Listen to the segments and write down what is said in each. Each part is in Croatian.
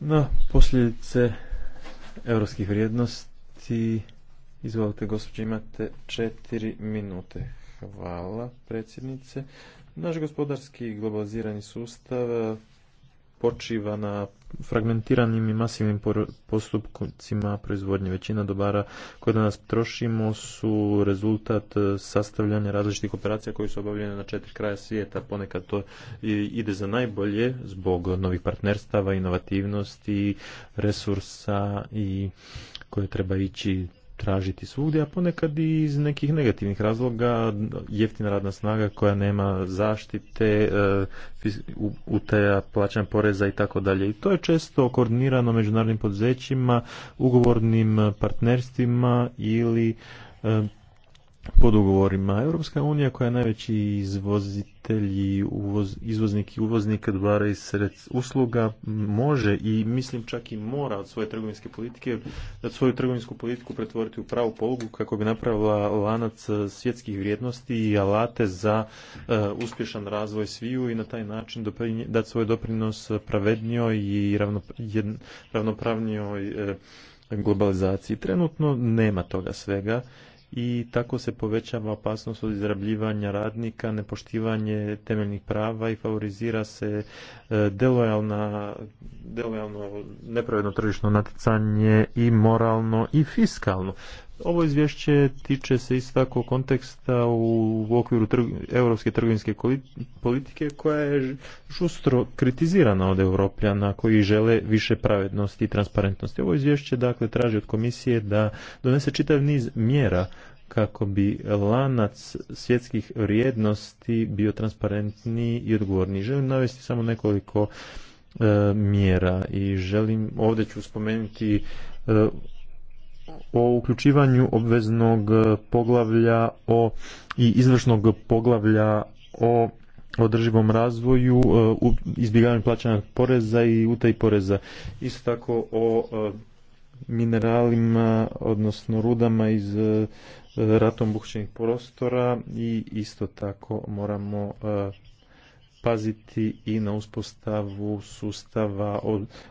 na posljedice europskih vrijednosti. Izvolite, gospođe, imate četiri minute. Hvala, predsjednice. Naš gospodarski globalizirani sustav počiva na fragmentiranim i masivnim postupcima proizvodnje. Većina dobara koje danas trošimo su rezultat e, sastavljanja različitih operacija koje su obavljene na četiri kraja svijeta. Ponekad to ide za najbolje zbog novih partnerstava, inovativnosti, resursa i koje treba ići tražiti svugdje, a ponekad i iz nekih negativnih razloga jeftina radna snaga koja nema zaštite, e, utaja plaćanja poreza i tako dalje. I to je često koordinirano međunarodnim poduzećima, ugovornim partnerstvima ili e, pod ugovorima. Europska unija koja je najveći izvozitelj i uvoz, izvoznik i uvoznik dobara i usluga može i mislim čak i mora od svoje trgovinske politike da svoju trgovinsku politiku pretvoriti u pravu polugu kako bi napravila lanac e, svjetskih vrijednosti i alate za e, uspješan razvoj sviju i na taj način dati svoj doprinos pravednijoj i ravnopravnijoj e, globalizaciji. Trenutno nema toga svega i tako se povećava opasnost od izrabljivanja radnika, nepoštivanje temeljnih prava i favorizira se e, delojalna, delojalno nepravedno tržišno natjecanje i moralno i fiskalno. Ovo izvješće tiče se isto tako konteksta u, okviru europske trgovinske politike koja je žustro kritizirana od europljana koji žele više pravednosti i transparentnosti. Ovo izvješće dakle traži od komisije da donese čitav niz mjera kako bi lanac svjetskih vrijednosti bio transparentniji i odgovorniji. Želim navesti samo nekoliko e, mjera i želim ovdje ću spomenuti e, o uključivanju obveznog e, poglavlja o i izvršnog poglavlja o održivom razvoju, e, izbjegavanju plaćanja poreza i utaj poreza. Isto tako o e, mineralima, odnosno rudama iz ratom buhćenih prostora i isto tako moramo paziti i na uspostavu sustava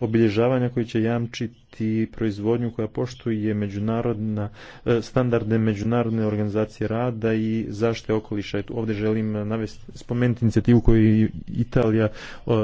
obilježavanja koji će jamčiti proizvodnju koja poštuje međunarodna, e, standarde Međunarodne organizacije rada i zaštite okoliša. Ovdje želim navesti, spomenuti inicijativu koju je Italija e,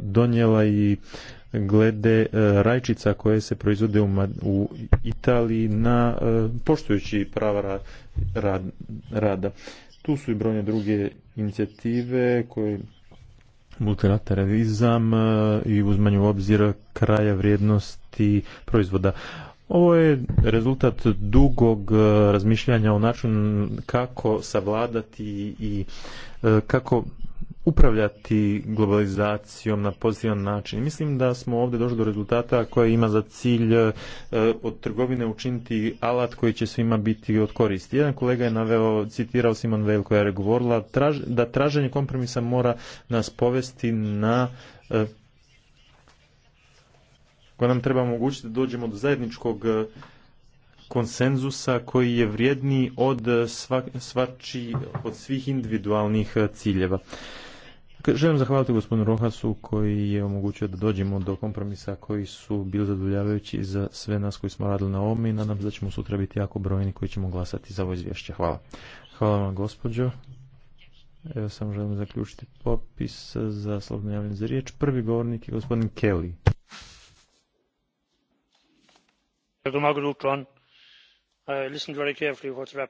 donijela i glede e, rajčica koje se proizvode u Italiji na poštujući prava rada. Tu su i brojne druge inicijative koje multilateralizam e, i uzmanju u obzir kraja vrijednosti proizvoda. Ovo je rezultat dugog e, razmišljanja o načinu kako savladati i e, kako upravljati globalizacijom na pozitivan način. Mislim da smo ovdje došli do rezultata koji ima za cilj e, od trgovine učiniti alat koji će svima biti od koristi. Jedan kolega je naveo, citirao Simon Veil koja je govorila da traženje kompromisa mora nas povesti na e, koja nam treba omogućiti da dođemo do zajedničkog e, konsenzusa koji je vrijedniji od, od svih individualnih ciljeva. Želim zahvaliti gospodinu Rohasu koji je omogućio da dođemo do kompromisa koji su bili zadovoljavajući za sve nas koji smo radili na ovome i nadam se da ćemo sutra biti jako brojni koji ćemo glasati za ovo izvješće. Hvala. Hvala vam gospođo. Evo samo želim zaključiti popis za slobodno javljanje za riječ. Prvi govornik je gospodin Kelly.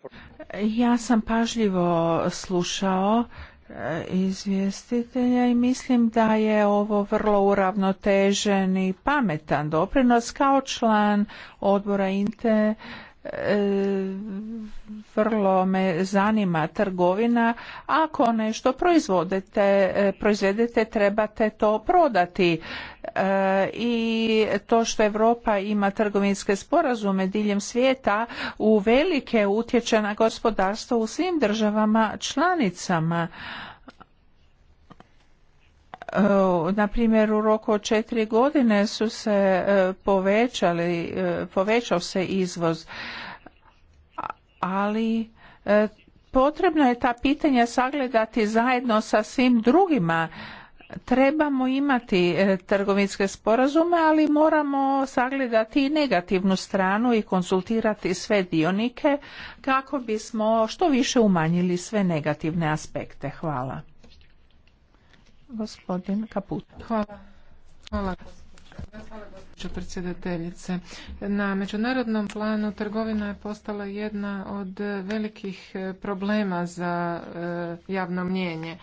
Uh, ja sam pažljivo slušao uh, izvjestitelja i mislim da je ovo vrlo uravnotežen i pametan doprinos kao član odbora INTE E, vrlo me zanima trgovina. Ako nešto proizvodete e, proizvedete, trebate to prodati. E, I to što Europa ima trgovinske sporazume diljem svijeta u velike utječe na gospodarstvo u svim državama članicama. E, na primjer u roku od četiri godine su se e, povećali, e, povećao se izvoz, ali potrebno je ta pitanja sagledati zajedno sa svim drugima. Trebamo imati trgovinske sporazume, ali moramo sagledati i negativnu stranu i konsultirati sve dionike kako bismo što više umanjili sve negativne aspekte. Hvala. Gospodin Kaput. Hvala. Hvala. Hvala predsjedateljice. Na međunarodnom planu trgovina je postala jedna od velikih e, problema za e, javno mnjenje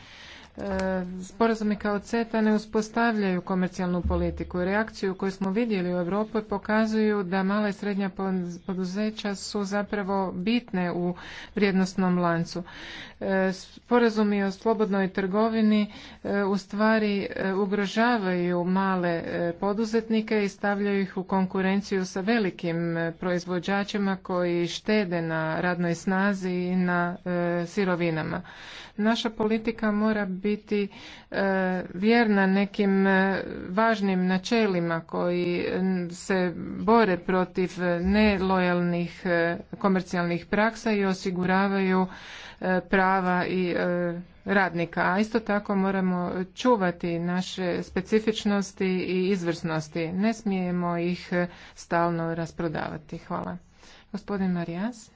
sporazumi kao CETA ne uspostavljaju komercijalnu politiku. Reakciju koju smo vidjeli u Europi pokazuju da mala i srednja poduzeća su zapravo bitne u vrijednostnom lancu. E, sporazumi o slobodnoj trgovini e, u stvari e, ugrožavaju male poduzetnike i stavljaju ih u konkurenciju sa velikim proizvođačima koji štede na radnoj snazi i na sirovinama. Naša politika mora biti e, vjerna nekim e, važnim načelima koji se bore protiv nelojalnih e, komercijalnih praksa i osiguravaju prava i radnika, a isto tako moramo čuvati naše specifičnosti i izvrsnosti. Ne smijemo ih stalno rasprodavati. Hvala. Gospodin Marijas.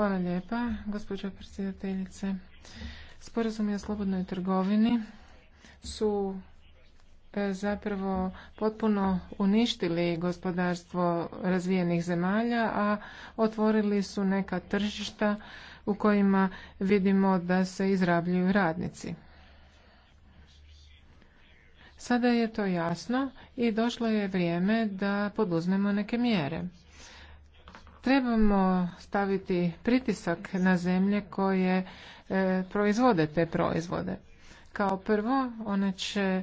Hvala lijepa, gospođo predsjedateljice. Sporazumi o slobodnoj trgovini su e, zapravo potpuno uništili gospodarstvo razvijenih zemalja, a otvorili su neka tržišta u kojima vidimo da se izrabljuju radnici. Sada je to jasno i došlo je vrijeme da poduzmemo neke mjere trebamo staviti pritisak na zemlje koje e, proizvode te proizvode. Kao prvo, one će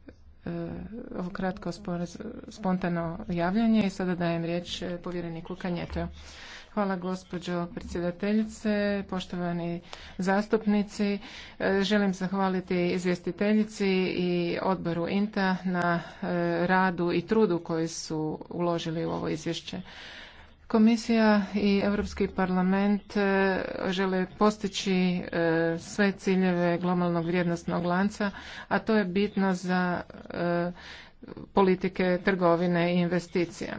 Eh, ovo kratko spontano javljanje i sada dajem riječ eh, povjereniku Kanjeto. Hvala gospođo predsjedateljice, poštovani zastupnici. Eh, želim zahvaliti izvjestiteljici i odboru INTA na radu i trudu koji su uložili u ovo izvješće. Komisija i Europski parlament e, žele postići e, sve ciljeve globalnog vrijednostnog lanca, a to je bitno za e, politike trgovine i investicija.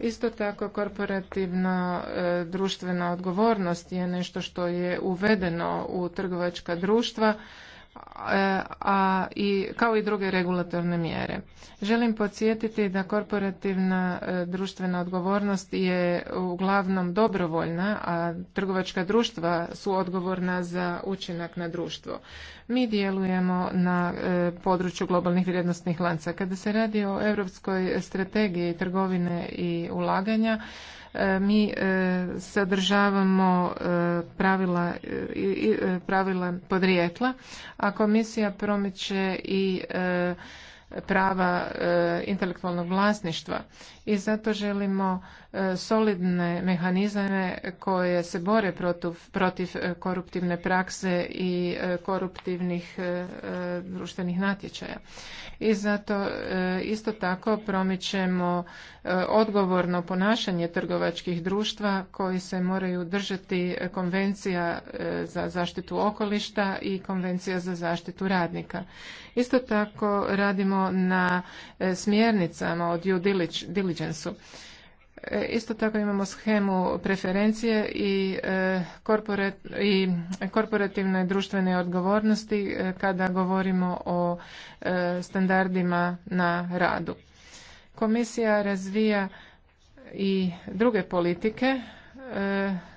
Isto tako korporativna društvena odgovornost je nešto što je uvedeno u trgovačka društva E, a i kao i druge regulatorne mjere. Želim podsjetiti da korporativna e, društvena odgovornost je uglavnom dobrovoljna, a trgovačka društva su odgovorna za učinak na društvo. Mi djelujemo na e, području globalnih vrijednostnih lanca. Kada se radi o europskoj strategiji trgovine i ulaganja, e, mi e, sadržavamo pravila, pravila podrijetla, a komisija promiče i prava intelektualnog vlasništva i zato želimo E, solidne mehanizme koje se bore protiv, protiv e, koruptivne prakse i e, koruptivnih društvenih natječaja. I zato isto tako promičemo odgovorno ponašanje trgovačkih društva koji se moraju držati konvencija za zaštitu okolišta i konvencija za zaštitu radnika. Isto tako radimo na smjernicama od due diligence -u E, isto tako imamo schemu preferencije i e, korporativne društvene odgovornosti e, kada govorimo o standardima na radu. Komisija razvija i druge politike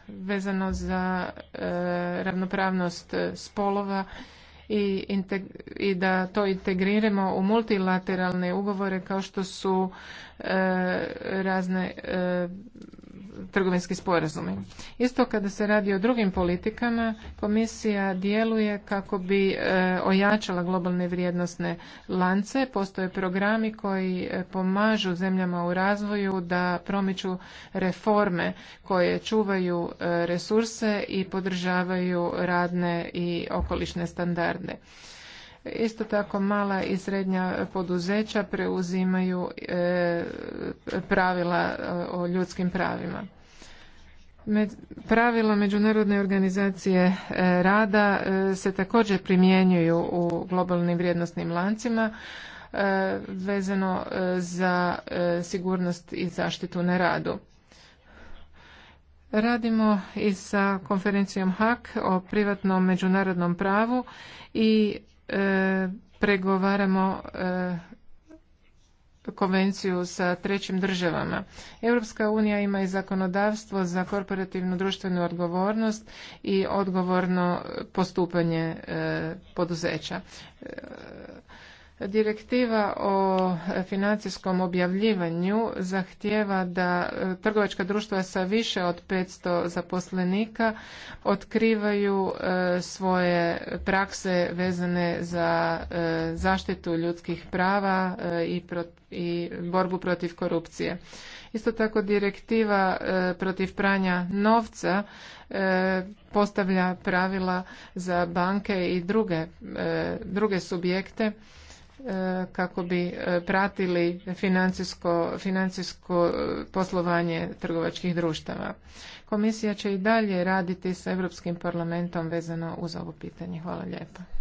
vezano za ravnopravnost spolova i da to integriramo u multilateralne ugovore kao što su e, razne e, trgovinski sporazumi. Isto kada se radi o drugim politikama, komisija djeluje kako bi e, ojačala globalne vrijednosne lance. Postoje programi koji e, pomažu zemljama u razvoju da promiču reforme koje čuvaju e, resurse i podržavaju radne i okolišne standarde. Isto tako mala i srednja poduzeća preuzimaju e, pravila e, o ljudskim pravima. Pravila Međunarodne organizacije e, rada se također primjenjuju u globalnim vrijednostnim lancima vezano za sigurnost i zaštitu na radu. Radimo i sa konferencijom HAK o privatnom međunarodnom pravu i E, pregovaramo e, konvenciju sa trećim državama. Europska unija ima i zakonodavstvo za korporativnu društvenu odgovornost i odgovorno postupanje e, poduzeća. Direktiva o financijskom objavljivanju zahtjeva da e, trgovačka društva sa više od 500 zaposlenika otkrivaju e, svoje prakse vezane za e, zaštitu ljudskih prava i borbu protiv korupcije. Isto tako direktiva protiv pranja novca postavlja pravila za banke i druge, druge subjekte kako bi e, pratili financijsko, financijsko e, poslovanje trgovačkih društava. Komisija će i dalje raditi s Europskim parlamentom vezano uz ovo pitanje. Hvala lijepo.